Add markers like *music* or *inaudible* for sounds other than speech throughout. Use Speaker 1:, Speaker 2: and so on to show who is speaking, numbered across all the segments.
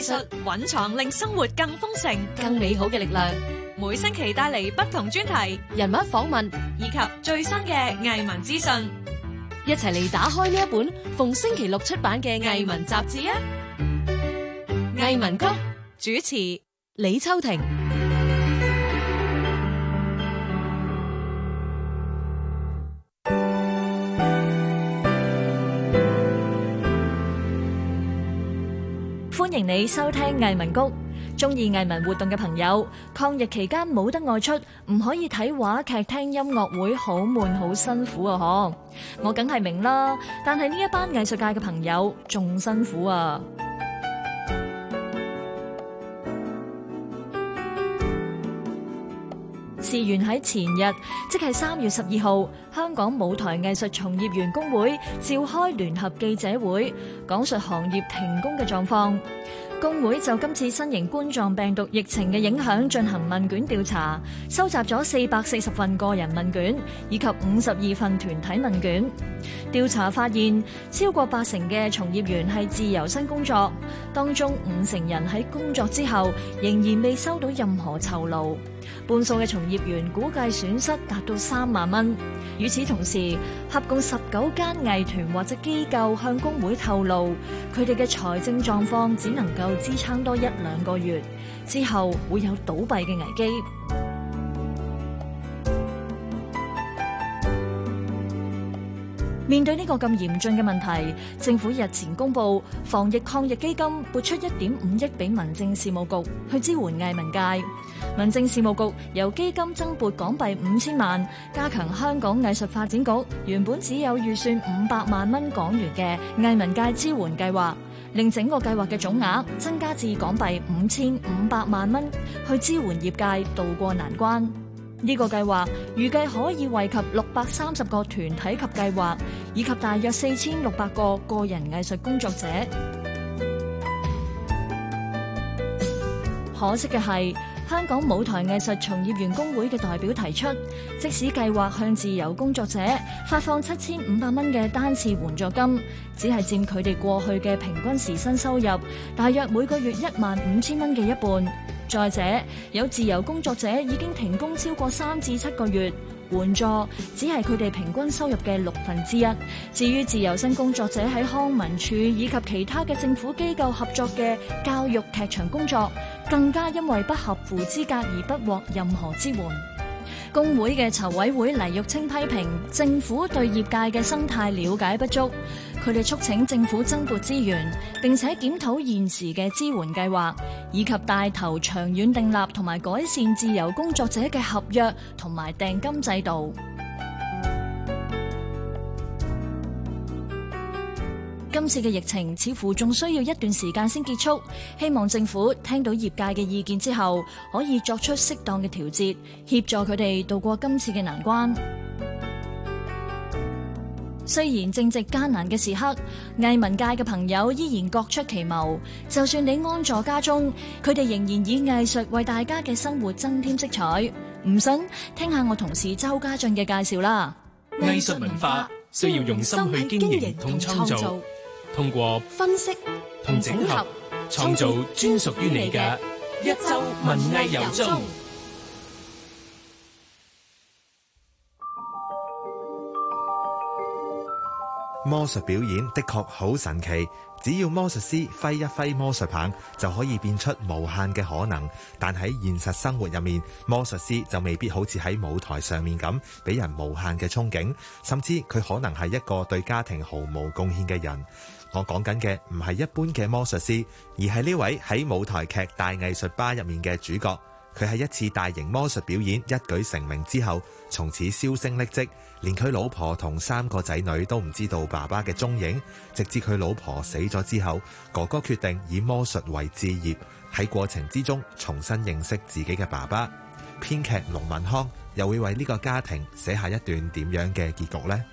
Speaker 1: 技術蘊藏令生活更豐盛、更美好嘅力量，每星期帶嚟不同專題、人物訪問以及最新嘅藝文資訊，一齊嚟
Speaker 2: 打開呢一本逢星期六出版嘅藝文雜誌啊！藝文谷主持李秋婷。
Speaker 1: 歡迎你收聽藝文谷，中意藝文活動嘅朋友，抗疫期間冇得外出，唔可以睇話劇、聽音樂會，好悶好辛苦啊！嗬，我梗係明啦，但係呢一班藝術界嘅朋友仲辛苦啊！事緣喺前日，即係三月十二號。香港舞台藝術從業員工會召開聯合記者會，講述行業停工嘅狀況。工會就今次新型冠狀病毒疫情嘅影響進行問卷調查，收集咗四百四十份個人問卷以及五十二份團體問卷。調查發現，超過八成嘅從業員係自由身工作，當中五成人喺工作之後仍然未收到任何酬勞。半數嘅從業員估計損，損失達到三萬蚊。與此同時，合共十九間藝團或者機構向工會透露，佢哋嘅財政狀況只能夠支撐多一兩個月，之後會有倒閉嘅危機。面對呢個咁嚴峻嘅問題，政府日前公布防疫抗疫基金撥出一點五億俾民政事務局去支援藝文界。民政事務局由基金增撥港幣五千萬，加強香港藝術發展局原本只有預算五百萬蚊港元嘅藝文界支援計劃，令整個計劃嘅總額增加至港幣五千五百萬蚊，去支援業界渡過難關。呢、這個計劃預計可以惠及六百三十個團體及計劃，以及大約四千六百個個人藝術工作者。可惜嘅係。香港舞台藝術從業員工會嘅代表提出，即使計劃向自由工作者發放七千五百蚊嘅單次援助金，只係佔佢哋過去嘅平均時薪收入，大約每個月一萬五千蚊嘅一半。再者，有自由工作者已經停工超過三至七個月。援助只係佢哋平均收入嘅六分之一。至於自由身工作者喺康文署以及其他嘅政府機構合作嘅教育劇場工作，更加因為不合乎資格而不獲任何支援。工會嘅籌委會黎玉清批評政府對業界嘅生態了解不足，佢哋促請政府增撥資源，並且檢討現時嘅支援計劃，以及帶頭長遠訂立同埋改善自由工作者嘅合約同埋訂金制度。今次嘅疫情似乎仲需要一段時間先結束，希望政府聽到業界嘅意見之後，可以作出適當嘅調節，協助佢哋度過今次嘅難關。雖然正值艱難嘅時刻，藝文界嘅朋友依然各出奇謀。就算你安坐家中，佢哋仍然以藝術為大家嘅生活增添色彩。唔信，聽下我同事周家俊嘅介紹啦。藝術文
Speaker 2: 化需要用心去經
Speaker 1: 營同創造。
Speaker 2: 通過分
Speaker 1: 析同整合，
Speaker 2: 創造專屬於你嘅一周文藝遊蹤。魔
Speaker 3: 術表演的確好神奇。只要魔術師揮一揮魔術棒，就可以變出無限嘅可能。但喺現實生活入面，魔術師就未必好似喺舞台上面咁俾人無限嘅憧憬，甚至佢可能係一個對家庭毫無貢獻嘅人。我講緊嘅唔係一般嘅魔術師，而係呢位喺舞台劇《大藝術吧》入面嘅主角。佢喺一次大型魔術表演一舉成名之後，從此銷聲匿跡。連佢老婆同三個仔女都唔知道爸爸嘅蹤影，直至佢老婆死咗之後，哥哥決定以魔術為志業，喺過程之中重新認識自己嘅爸爸編劇。編劇龍文康又會為呢個家庭寫下一段點樣嘅結局呢？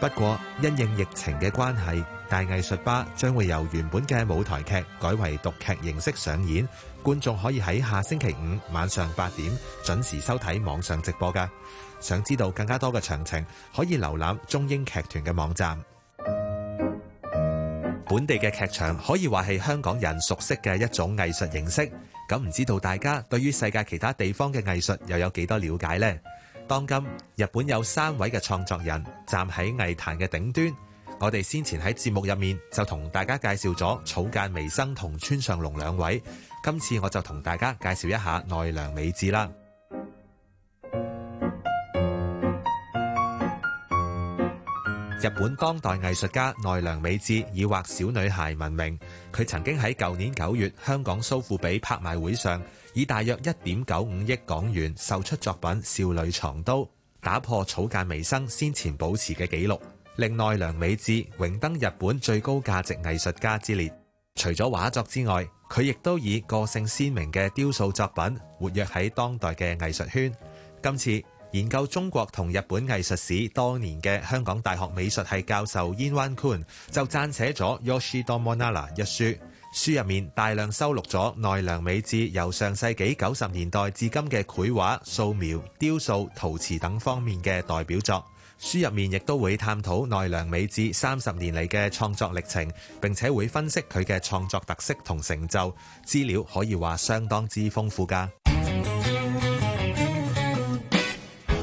Speaker 3: 不過因應疫情嘅關係，大藝術吧將會由原本嘅舞台劇改為獨劇形式上演，觀眾可以喺下星期五晚上八點準時收睇網上直播㗎。想知道更加多嘅詳情，可以瀏覽中英劇團嘅網站。本地嘅劇場可以話係香港人熟悉嘅一種藝術形式，咁唔知道大家對於世界其他地方嘅藝術又有幾多了解呢？當今日本有三位嘅創作人站喺藝壇嘅頂端，我哋先前喺節目入面就同大家介紹咗草間彌生同村上隆兩位，今次我就同大家介紹一下奈良美智啦。日本當代藝術家奈良美智以畫小女孩聞名，佢曾經喺舊年九月香港蘇富比拍賣會上，以大約一點九五億港元售出作品《少女藏刀》，打破草間彌生先前保持嘅紀錄，令奈良美智榮登日本最高價值藝術家之列。除咗畫作之外，佢亦都以個性鮮明嘅雕塑作品活躍喺當代嘅藝術圈。今次研究中國同日本藝術史多年嘅香港大學美術系教授燕灣寬就撰寫咗《Yoshitomo Nara》一書。書入面大量收錄咗奈良美智由上世紀九十年代至今嘅繪畫、素描、雕塑、陶瓷等方面嘅代表作。書入面亦都會探討奈良美智三十年嚟嘅創作歷程，並且會分析佢嘅創作特色同成就。資料可以話相當之豐富㗎。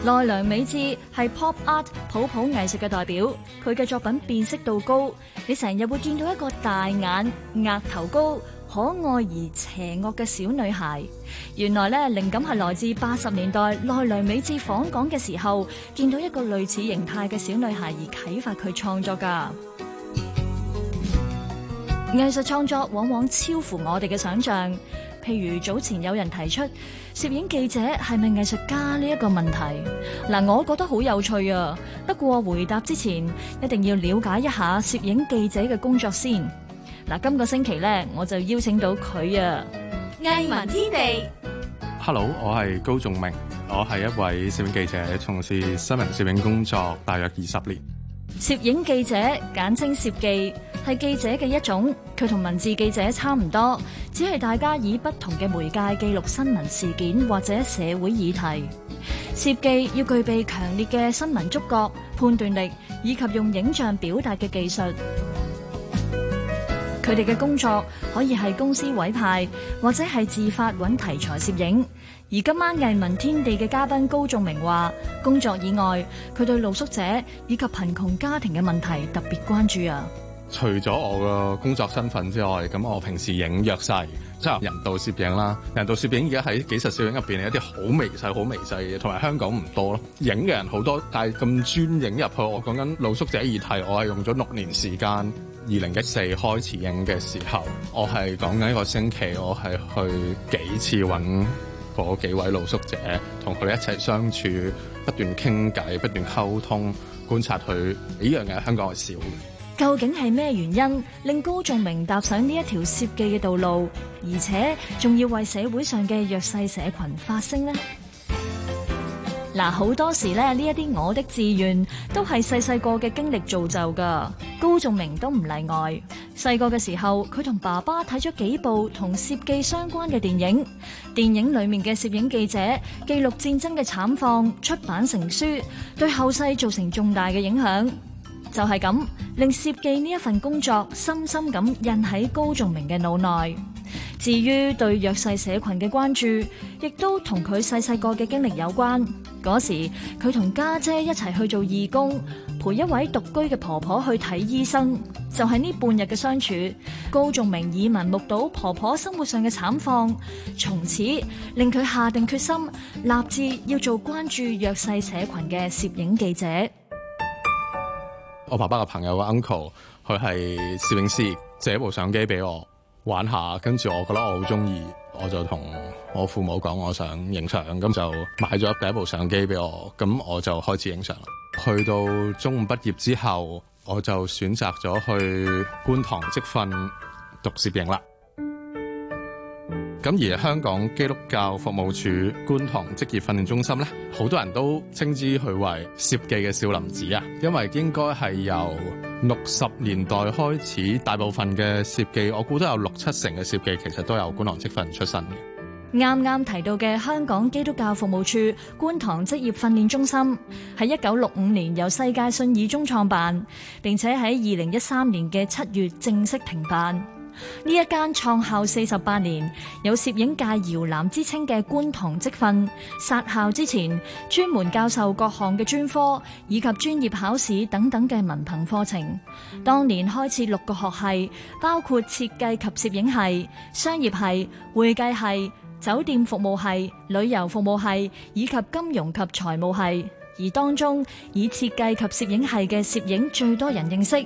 Speaker 1: 奈良美智係 pop art 普普藝術嘅代表，佢嘅作品辨識度高，你成日會見到一個大眼、額頭高、可愛而邪惡嘅小女孩。原來咧，靈感係來自八十年代奈良美智訪港嘅時候，見到一個類似形態嘅小女孩而啟發佢創作噶。藝術創作往往超乎我哋嘅想象。譬如早前有人提出攝影記者係咪藝術家呢一個問題，嗱、啊、我覺得好有趣啊。不過回答之前，一定要了解一下攝影記者嘅工作先。嗱、啊，今個星期咧，我就邀請到佢啊，藝文天地。
Speaker 4: Hello，我係高仲明，我係一位攝影記者，從事新聞攝影工作大約二十年。
Speaker 1: 攝影記者，簡稱攝記，係記者嘅一種，佢同文字記者差唔多，只係大家以不同嘅媒介記錄新聞事件或者社會議題。攝記要具備強烈嘅新聞觸覺、判斷力，以及用影像表達嘅技術。佢哋嘅工作可以係公司委派，或者係自發揾題材攝影。而今晚藝文天地嘅嘉賓高仲明話，工作以外，佢對露宿者以及貧窮家庭嘅問題特別關注啊。
Speaker 4: 除咗我嘅工作身份之外，咁我平時影弱勢。即係人道攝影啦，人道攝影而家喺紀實攝影入面，係一啲好微細、好微細嘅嘢，同埋香港唔多咯。影嘅人好多，但係咁專影入去。我講緊露宿者議題，我係用咗六年時間，二零一四開始影嘅時候，我係講緊一個星期，我係去幾次揾嗰幾位露宿者，同佢一齊相處，不斷傾偈，不斷溝通，觀察佢，呢樣嘢香港係少
Speaker 1: 究竟係咩原因令高仲明踏上呢一條攝記嘅道路，而且仲要為社會上嘅弱勢社群發聲呢？嗱，好多時咧，呢一啲我的志願都係細細個嘅經歷造就噶。高仲明都唔例外。細個嘅時候，佢同爸爸睇咗幾部同攝記相關嘅電影，電影裏面嘅攝影記者記錄戰爭嘅慘況，出版成書，對後世造成重大嘅影響。就係咁，令攝記呢一份工作深深咁印喺高仲明嘅腦內。至於對弱勢社群嘅關注，亦都同佢細細個嘅經歷有關。嗰時佢同家姐一齊去做義工，陪一位獨居嘅婆婆去睇醫生，就係呢半日嘅相處。高仲明耳聞目睹婆婆生活上嘅慘況，從此令佢下定決心，立志要做關注弱勢社群嘅攝影記者。
Speaker 4: 我爸爸嘅朋友嘅 uncle，佢係攝影師，借一部相機俾我玩一下，跟住我覺得我好中意，我就同我父母講我想影相，咁就買咗第一部相機俾我，咁我就開始影相啦。去到中五畢業之後，我就選擇咗去觀塘職訓讀攝影啦。咁而香港基督教服務處觀塘職業訓練中心咧，好多人都稱之佢為攝記嘅少林寺啊！因為應該係由六十年代開始，大部分嘅攝記，我估都有六七成嘅攝記，其實都有觀塘職訓出身嘅。
Speaker 1: 啱啱提到嘅香港基督教服務處觀塘職業訓練中心，喺一九六五年由世界信義宗創辦，並且喺二零一三年嘅七月正式停辦。呢一間創校四十八年，有攝影界搖籃之稱嘅觀塘職訓，殺校之前專門教授各項嘅專科以及專業考試等等嘅文憑課程。當年開設六個學系，包括設計及攝影系、商業系、會計系、酒店服務系、旅遊服務系以及金融及財務系。而當中以設計及攝影系嘅攝影最多人認識。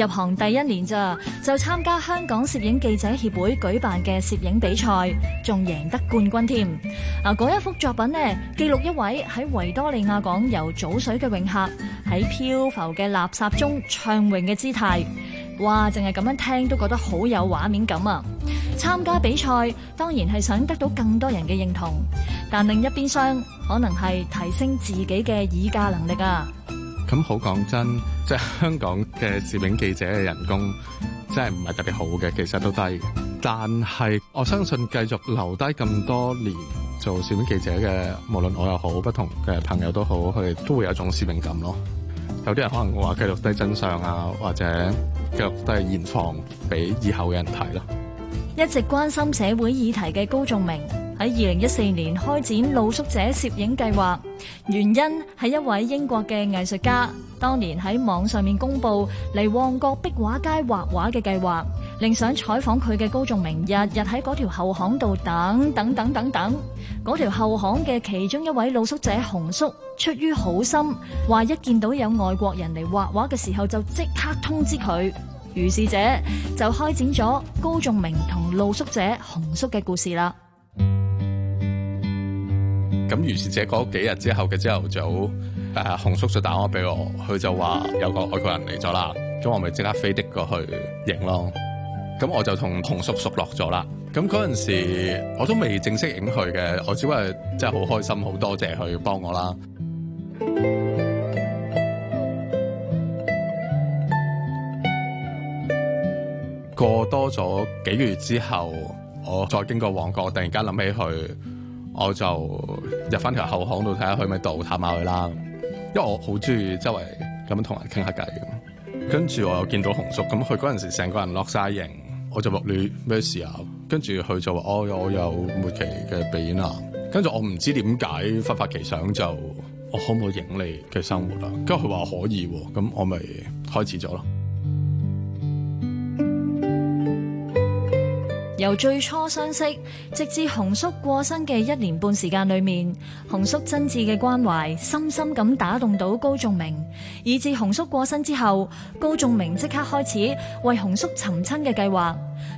Speaker 1: 入行第一年咋，就參加香港攝影記者協會舉辦嘅攝影比賽，仲贏得冠軍添。啊，嗰一幅作品呢，記錄一位喺維多利亞港游早水嘅泳客喺漂浮嘅垃圾中暢泳嘅姿態。哇，淨係咁樣聽都覺得好有畫面感啊！參加比賽當然係想得到更多人嘅認同，但另一邊廂可能係提升自己嘅議價能力啊。
Speaker 4: 咁好講真，即係香港嘅攝影記者嘅人工真係唔係特別好嘅，其實都低嘅。但係我相信繼續留低咁多年做攝影記者嘅，無論我又好，不同嘅朋友都好，佢哋都會有一種使命感咯。有啲人可能會話繼續低真相啊，或者繼續低現況俾以後嘅人睇咯。
Speaker 1: 一直關心社會議題嘅高仲明，喺二零一四年開展露宿者攝影計劃，原因係一位英國嘅藝術家當年喺網上面公布嚟旺角壁畫街畫畫嘅計劃，令想採訪佢嘅高仲明日日喺嗰條後巷度等等等等等。嗰條後巷嘅其中一位露宿者洪叔出於好心，話一見到有外國人嚟畫畫嘅時候就即刻通知佢。於是者就開展咗高仲明同露宿者洪叔嘅故事啦。
Speaker 4: 咁於是者嗰幾日之後嘅朝頭早，誒洪叔叔打電話俾我，佢就話有個外國人嚟咗啦，咁我咪即刻飛的過去影咯。咁我就同洪叔叔落咗啦。咁嗰陣時我都未正式影佢嘅，我只不過係真係好開心，好多謝佢幫我啦。過多咗幾個月之後，我再經過旺角，突然間諗起佢。我就入翻條後巷度睇下佢，咪度探下佢啦，因為我好中意周圍咁樣同人傾下偈咁。跟住我又見到紅叔，咁佢嗰陣時成個人落晒型，我就問，你咩事啊？跟住佢就話：我、哦、我有末期嘅鼻咽癌。跟住我唔知點解忽發奇想，就我可唔可以影你嘅生活啦、啊？跟住佢話可以喎、啊，咁我咪開始咗咯。
Speaker 1: 由最初相識，直至紅叔過身嘅一年半時間裏面，紅叔真摯嘅關懷深深咁打動到高仲明，以至紅叔過身之後，高仲明即刻開始為紅叔尋親嘅計劃。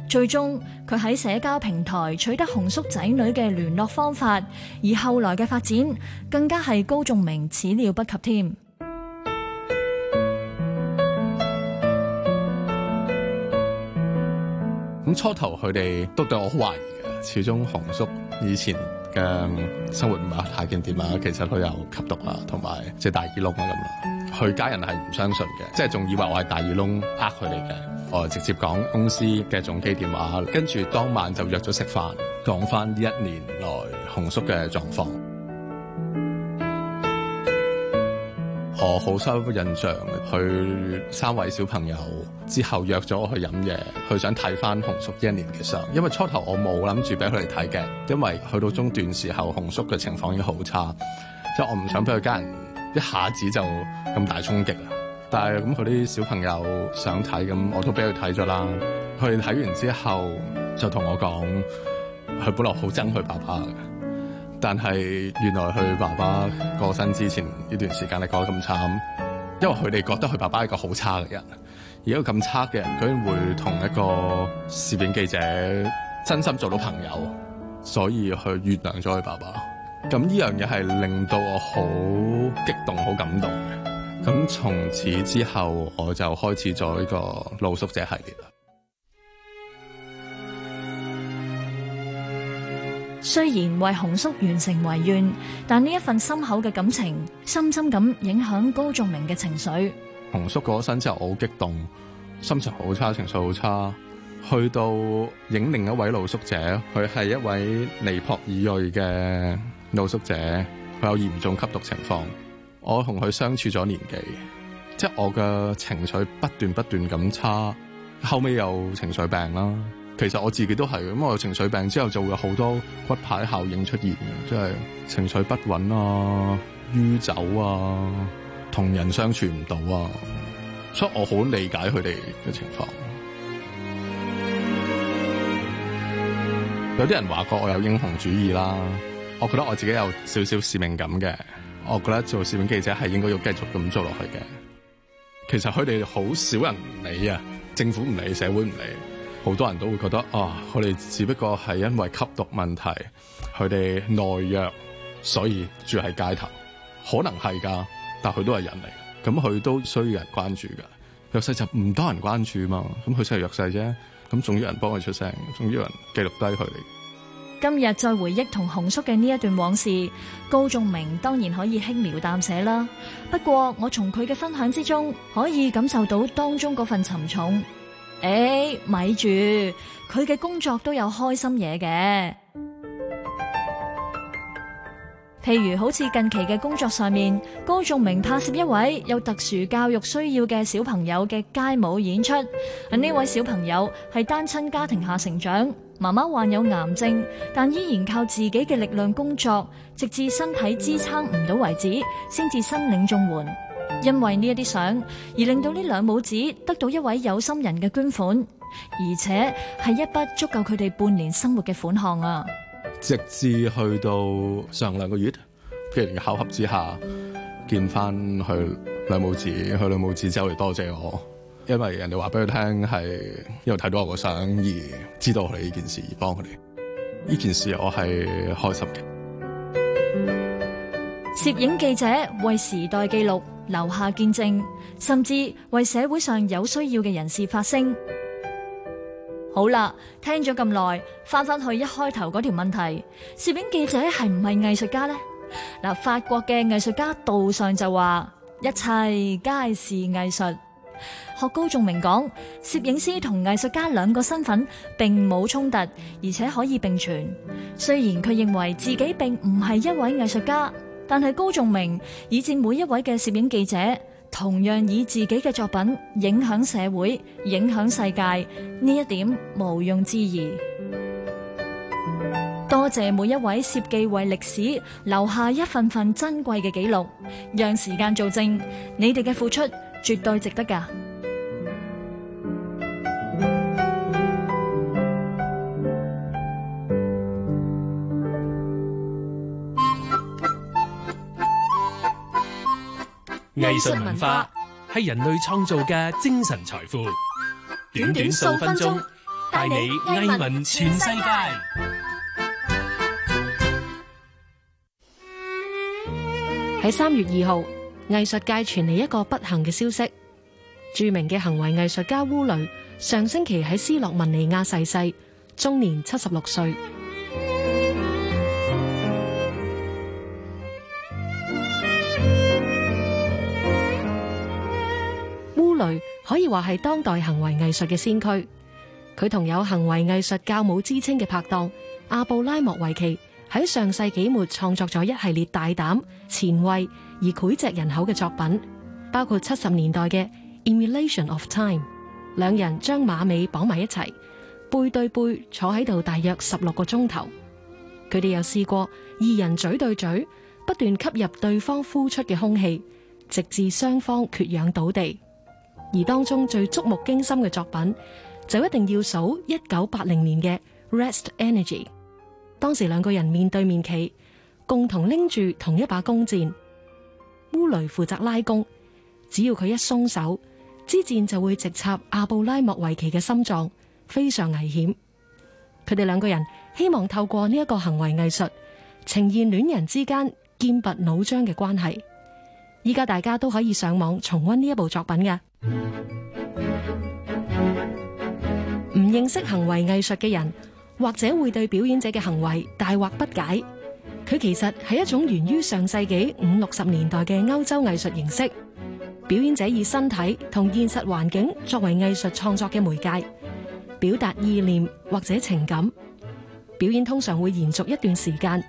Speaker 1: 最終佢喺社交平台取得紅叔仔女嘅聯絡方法，而後來嘅發展更加係高仲明始料不及添。
Speaker 4: 咁初頭佢哋都對我好懷疑嘅，始終紅叔以前嘅生活唔係太檢點啊，其實佢有吸毒啦，同埋即係大耳窿啊，咁啦。佢家人係唔相信嘅，即係仲以為我係大耳窿呃佢哋嘅，我直接講公司嘅總機電話，跟住當晚就約咗食飯，講翻呢一年來紅叔嘅狀況。我好深印象，佢三位小朋友之後約咗我去飲嘢，佢想睇翻紅叔一年嘅相，因為初頭我冇諗住俾佢哋睇嘅，因為去到中段時候紅叔嘅情況已經好差，即係我唔想俾佢家人一下子就咁大衝擊。但係咁佢啲小朋友想睇，咁我都俾佢睇咗啦。佢睇完之後就同我講，佢本來好憎佢爸爸嘅。但係原來佢爸爸過身之前呢段時間，你過得咁慘，因為佢哋覺得佢爸爸係個好差嘅人，而一個咁差嘅人，居然會同一個攝影記者真心做到朋友，所以佢原諒咗佢爸爸。咁呢樣嘢係令到我好激動、好感動。咁從此之後，我就開始做呢個露宿者系列。
Speaker 1: 雖然為紅叔完成遺願，但呢一份深厚嘅感情，深深咁影響高仲明嘅情緒。
Speaker 4: 紅叔嗰陣就好激動，心情好差，情緒好差。去到影另一位露宿者，佢係一位尼泊爾裔嘅露宿者，佢有嚴重吸毒情況。我同佢相處咗年幾，即係我嘅情緒不斷不斷咁差，後尾有情緒病啦。其實我自己都係咁，我有情緒病之後就會有好多骨牌效應出現即係、就是、情緒不穩啊、酗酒啊、同人相處唔到啊，所以我好理解佢哋嘅情況。 *music* 有啲人話過我有英雄主義啦，我覺得我自己有少少使命感嘅，我覺得做攝影記者係應該要繼續咁做落去嘅。其實佢哋好少人理啊，政府唔理，社會唔理。好多人都會覺得啊，哦，佢哋只不過係因為吸毒問題，佢哋懦弱，所以住喺街頭，可能係噶，但佢都係人嚟，咁佢都需要人關注噶。弱勢就唔多人關注嘛，咁佢真係弱勢啫，咁仲要人幫佢出聲，仲要人記錄低佢。
Speaker 1: 今日再回憶同紅叔嘅呢一段往事，高仲明當然可以輕描淡寫啦。不過我從佢嘅分享之中，可以感受到當中嗰份沉重。誒、哎，咪住，佢嘅工作都有開心嘢嘅。譬如好似近期嘅工作上面，高仲明拍攝一位有特殊教育需要嘅小朋友嘅街舞演出。呢位小朋友喺單親家庭下成長，媽媽患有癌症，但依然靠自己嘅力量工作，直至身體支撐唔到為止，先至申領綜援。因為呢一啲相而令到呢兩母子得到一位有心人嘅捐款，而且係一筆足夠佢哋半年生活嘅款項啊！
Speaker 4: 直至去到上兩個月，機緣巧合之下見翻佢兩母子，佢兩母子之後嚟多謝我，因為人哋話俾佢聽係因為睇到我個相而知道佢呢件事而幫佢哋，呢件事我係開心嘅。
Speaker 1: 攝影記者為時代記錄，留下見證，甚至為社會上有需要嘅人士發聲。好啦，聽咗咁耐，翻翻去一開頭嗰條問題：攝影記者係唔係藝術家呢？嗱，法國嘅藝術家杜尚就話：一切皆是藝術。學高仲明講，攝影師同藝術家兩個身份並冇衝突，而且可以並存。雖然佢認為自己並唔係一位藝術家。但係高仲明以至每一位嘅攝影記者，同樣以自己嘅作品影響社會、影響世界，呢一點毋庸置疑。多謝每一位攝記為歷史留下一份份珍貴嘅記錄，讓時間做證，你哋嘅付出絕對值得㗎。
Speaker 2: 藝術文化係人類創造嘅精神財富。短短數分鐘，帶你藝文全世界。喺三月二號，藝術界傳嚟一個不幸嘅消息：著名嘅行為藝術家烏雷上星期喺斯洛文尼亞逝世，終年七十六歲。雷可以話係當代行為藝術嘅先驅，佢同有行為藝術教母之稱嘅拍檔阿布拉莫維奇喺上世紀末創作咗一系列大膽、前衛而膾炙人口嘅作品，包括七十年代嘅《Emulation of Time》。兩人將馬尾綁埋一齊，背對背坐喺度，大約十六個鐘頭。佢哋又試過二人嘴對嘴，不斷吸入對方呼出嘅空氣，直至雙方缺氧倒地。而當中最觸目驚心嘅作品就一定要數一九八零年嘅《Rest Energy》。當時兩個人面對面企，共同拎住同一把弓箭。烏雷負責拉弓，只要佢一鬆手，支箭就會直插阿布拉莫維奇嘅心臟，非常危險。佢哋兩個人希望透過呢一個行為藝術呈現戀人之間劍拔弩張嘅關係。依家大家都可以上網重温呢一部作品嘅。唔認識行為藝術嘅人，或者會對表演者嘅行為大惑不解。佢其實係一種源於上世紀五六十年代嘅歐洲藝術形式。表演者以身體同現實環境作為藝術創作嘅媒介，表達意念或者情感。表演通常會延續一段時間，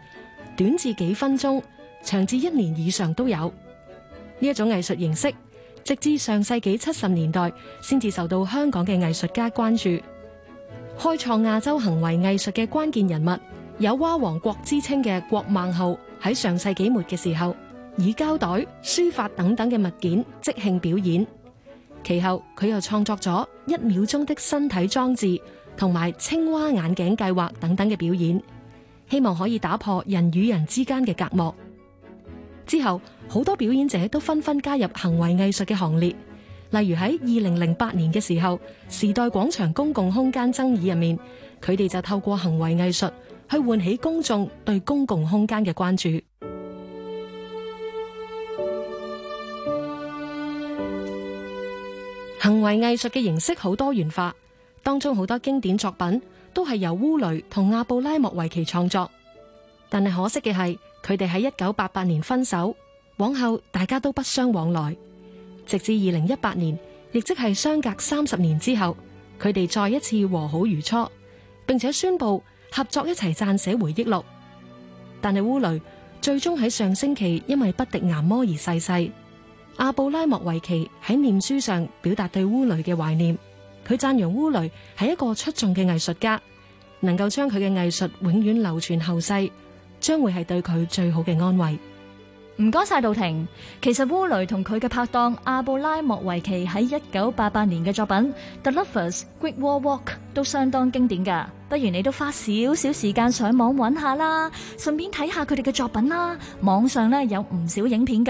Speaker 2: 短至幾分鐘，長至一年以上都有。呢一種藝術形式，直至上世紀七十年代，先至受到香港嘅藝術家關注，開創亞洲行為藝術嘅關鍵人物，有蛙王國之稱嘅郭孟浩喺上世紀末嘅時候，以膠袋、書法等等嘅物件即興表演。其後佢又創作咗一秒鐘的身體裝置，同埋青蛙眼鏡計劃等等嘅表演，希望可以打破人與人之間嘅隔膜。之後，好多表演者都紛紛加入行為藝術嘅行列，例如喺二零零八年嘅時候，時代廣場公共空間爭議入面，佢哋就透過行為藝術去喚起公眾對公共空間嘅關注。行為藝術嘅形式好多元化，當中好多經典作品都係由烏雷同阿布拉莫維奇創作，但係可惜嘅係。佢哋喺一九八八年分手，往後大家都不相往來。直至二零一八年，亦即係相隔三十年之後，佢哋再一次和好如初，並且宣布合作一齊撰寫回憶錄。但係烏雷最終喺上星期因為不敵癌魔而逝世。阿布拉莫維奇喺念書上表達對烏雷嘅懷念，佢讚揚烏雷係一個出眾嘅藝術家，能夠將佢嘅藝術永遠流傳後世。將會係對佢最好嘅
Speaker 1: 安慰。唔該晒杜婷。其實烏雷同佢嘅拍檔阿布拉莫維奇喺一九八八年嘅作品《The Lovers》《Great Wall Walk》都相當經典噶。不如你都花少少時間上網揾下啦，順便睇下佢哋嘅作品啦。網上咧有唔少影片的。